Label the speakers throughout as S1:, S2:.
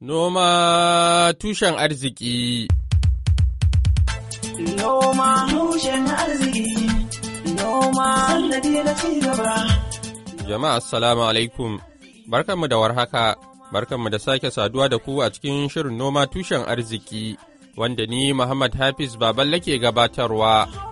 S1: Noma tushen arziki
S2: Noma tushen arziki Noma da
S1: Jama'a assalamu alaikum barkanmu da warhaka barkanmu da sake saduwa da ku a cikin shirin noma tushen arziki wanda ni Muhammad Hafiz Baballe ke gabatarwa.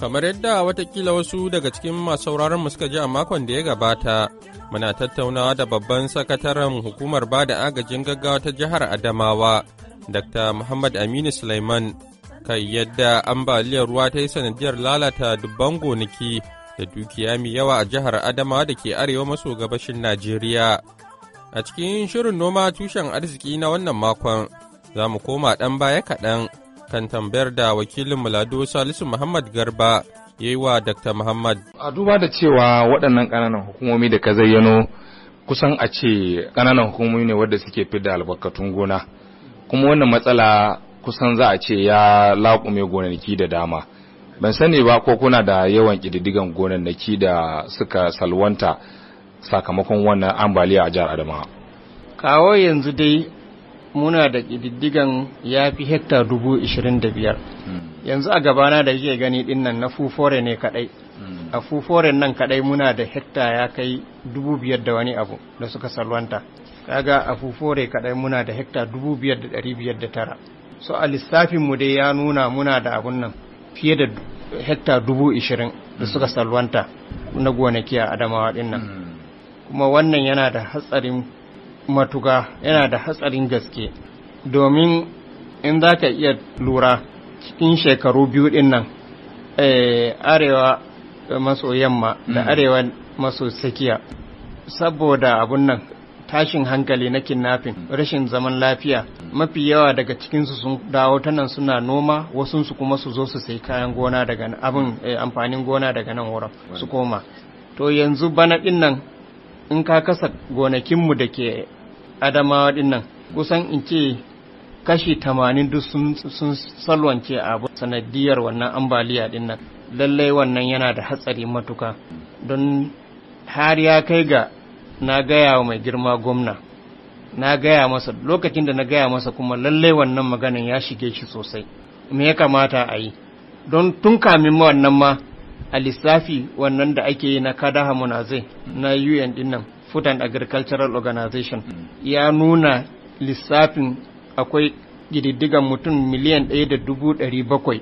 S1: Kamar yadda watakila wasu daga cikin masu mu suka ji a makon da ya gabata, muna tattaunawa da babban sakataren hukumar ba da agajin gaggawa ta jihar Adamawa, Dr. Muhammad Aminu Sulaiman, kai yadda ambaliyar ruwa ta yi sanadiyar lalata dubban gonaki da dukiya mai yawa a jihar Adamawa da ke arewa maso gabashin Najeriya. A cikin shirin noma tushen arziki na wannan makon, za mu koma ɗan baya kaɗan. kan tambayar da wakilin Mulado Salisu Muhammad Garba ya yi wa Dr. Muhammad. A
S2: duba da cewa waɗannan ƙananan hukumomi da ka zayyano kusan a ce ƙananan hukumomi ne wadda suke fi da albarkatun gona. Kuma wannan matsala kusan za a ce ya laƙume gonaki da dama. Ban sani ba ko kuna da yawan ƙididdigan gonannaki da suka salwanta sakamakon wannan ambaliya a jihar Adamawa.
S3: Kawo yanzu dai muna da ƙididdigan ya fi hekta dubu ishirin da biyar hmm. yanzu a gabana da yake gani din nan na fufore ne kadai hmm. a fufore nan kadai muna da hekta ya kai dubu biyar da wani abu da suka salwanta kaga a fufore kadai muna da hekta dubu biyar da dari biyar da tara so a lissafin mu dai ya nuna muna da abun nan fiye da hekta dubu ishirin da suka hmm. salwanta na gonaki a adamawa din nan kuma wannan yana da hatsarin matuga yana da hatsarin gaske domin in za ka iya lura cikin shekaru biyu din nan eh, arewa maso yamma da hmm. arewa maso tsakiya saboda abun nan tashin hankali na kidnapping hmm. rashin zaman lafiya mafi yawa daga cikinsu sun dawo ta nan suna noma wasunsu kuma su zo su sai kayan gona daga abin eh, amfanin gona daga nan wurin su koma to yanzu bana din nan in ka kasa gonakinmu da ke adamawa ɗinnan kusan in ce kashi tamanin duk sun salwance a sanadiyar wannan ambaliya ɗinnan lallai wannan yana da hatsari matuka don har ya kai ga na gaya wa mai girma gwamna na gaya masa lokacin da na gaya masa kuma lallai wannan maganin ya shige shi sosai me ya kamata a yi don tun kamin wannan ma a lissafi wannan da ake yi na kadaha zai na un dinnan Food and Agricultural Organization hmm. ya nuna lissafin akwai ƙididdigan mutum miliyan ɗaya da dubu ɗari bakwai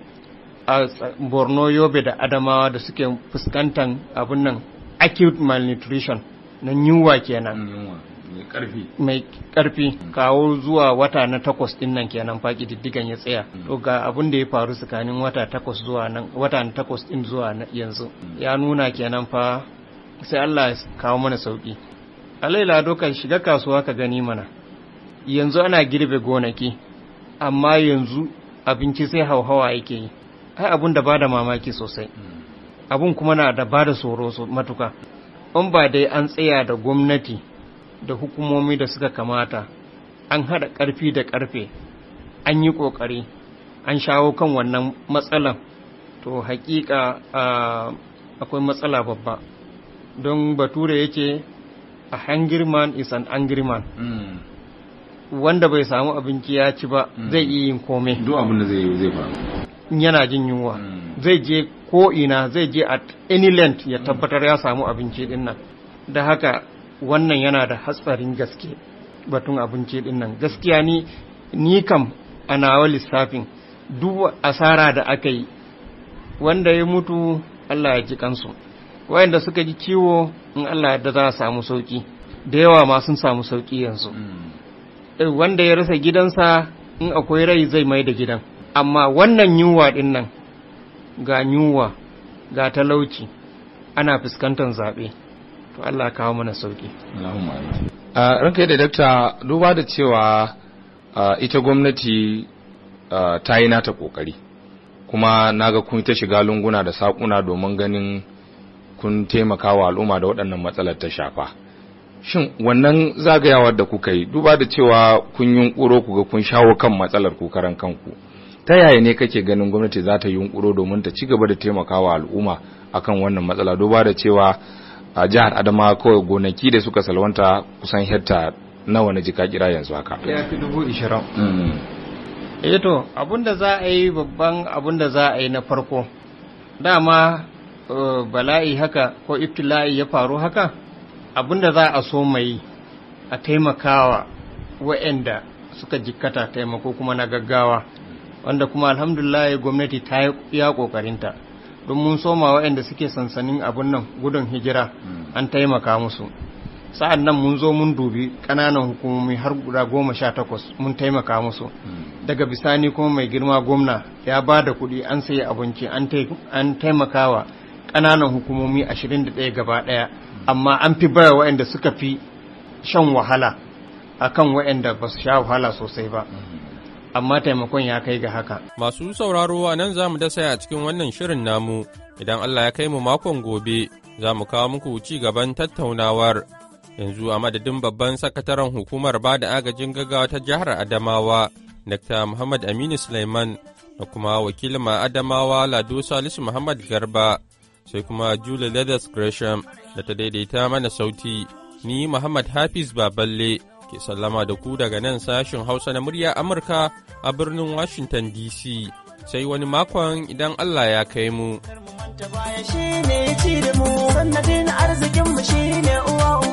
S3: a Borno Yobe da Adamawa da suke fuskantar abin nan acute malnutrition na yunwa kenan.
S2: Hmm,
S3: mai karfi hmm. kawo zuwa wata na takwas din nan kenan fa diddigan ya tsaya to ga abin da ya faru tsakanin wata takwas zuwa nan wata na takwas din zuwa yanzu ya nuna kenan fa sai Allah ya kawo mana sauki alaila dokan shiga kasuwa ka gani mana yanzu ana girbe gonaki amma yanzu abinci sai hauhawa yake yi ai abun da bada mamaki sosai hmm. abun kuma na da bada tsoro matuka in ba dai an tsaya da gwamnati da hukumomi da suka kamata an haɗa ƙarfi da ƙarfe an yi ƙoƙari an shawo kan wannan matsalan to hakika ah, akwai matsala babba don bature yake a hangir man is an angry man
S2: hmm.
S3: wanda bai samu abinci ya ci ba hmm. zai iya yin kome Do abin da
S2: zai yi zai faru
S3: yana jin yunwa hmm. zai je ko ina zai je at any length ya tabbatar ya samu abinci din nan da haka wannan yana da hatsarin gaske batun abinci din nan gaskiya ni ni kam a nawa lissafin duk asara da aka yi wanda ya mutu Allah ya ji kansu wayanda suka ji ciwo in Allah yadda za a samu sauki da yawa ma sun samu sauki yanzu hmm. eh, wanda ya rasa gidansa in akwai rai zai mai da gidan amma wannan yunwa din nan ga yunwa ga talauci ana fuskantar zaɓe to Allah kawo mana sauki
S2: ah, ranka yadda dakta duba da cewa ah, ita gwamnati ah, ta yi nata ƙoƙari kuma naga kun ta shiga lunguna da saƙuna domin ganin kun taimaka wa al'umma da waɗannan matsalar ta shafa shin wannan zagayawar da kuka yi duba da cewa kun yunƙuro ku ga kun shawo kan matsalar ku karan kanku ta yaya ne kake ganin gwamnati za ta yunƙuro domin ta ci gaba da taimaka wa al'umma akan wannan matsala duba da cewa a jihar Adama kawai gonaki da suka salwanta kusan hekta nawa na jika kira yanzu haka ya fi dubu ishirin hmm. eh to
S3: abinda za a yi babban abinda za a yi na farko dama Eh, bala'i haka ko ibtila'i ya faru haka abinda za a so mai a taimakawa wa'anda suka jikkata taimako kuma na gaggawa wanda kuma alhamdulillah gwamnati ta ya kokarinta don mun soma wa'anda suke sansanin abun nan gudun hijira hmm. an taimaka musu sa'an nan mun zo mun dubi ƙananan hukumomi har guda goma sha takwas mun taimaka musu hmm. daga bisani kuma mai girma gwamna ya ba da kuɗi an sayi abinci an taimakawa ƙananan hukumomi 21 gaba ɗaya amma an fi baya waɗanda suka fi shan wahala akan waɗanda ba su sha wahala sosai ba amma taimakon ya kai ga haka.
S1: Masu sauraro a nan za mu dasa a cikin wannan shirin namu idan Allah ya kai mu makon gobe za mu kawo muku ci gaban tattaunawar. Yanzu a madadin babban sakataren hukumar ba da agajin gaggawa ta jihar Adamawa, Dr. Muhammad Aminu Suleiman da kuma wakilin Adamawa Lado Salisu Muhammad Garba sai kuma Julia Leathers Gresham da ta daidaita mana sauti. Ni Muhammad Hafiz Baballe ke sallama da ku daga nan sashen Hausa na murya Amurka a birnin Washington DC. Sai wani makon idan Allah ya kai mu.
S2: Sanadin shi ne uwa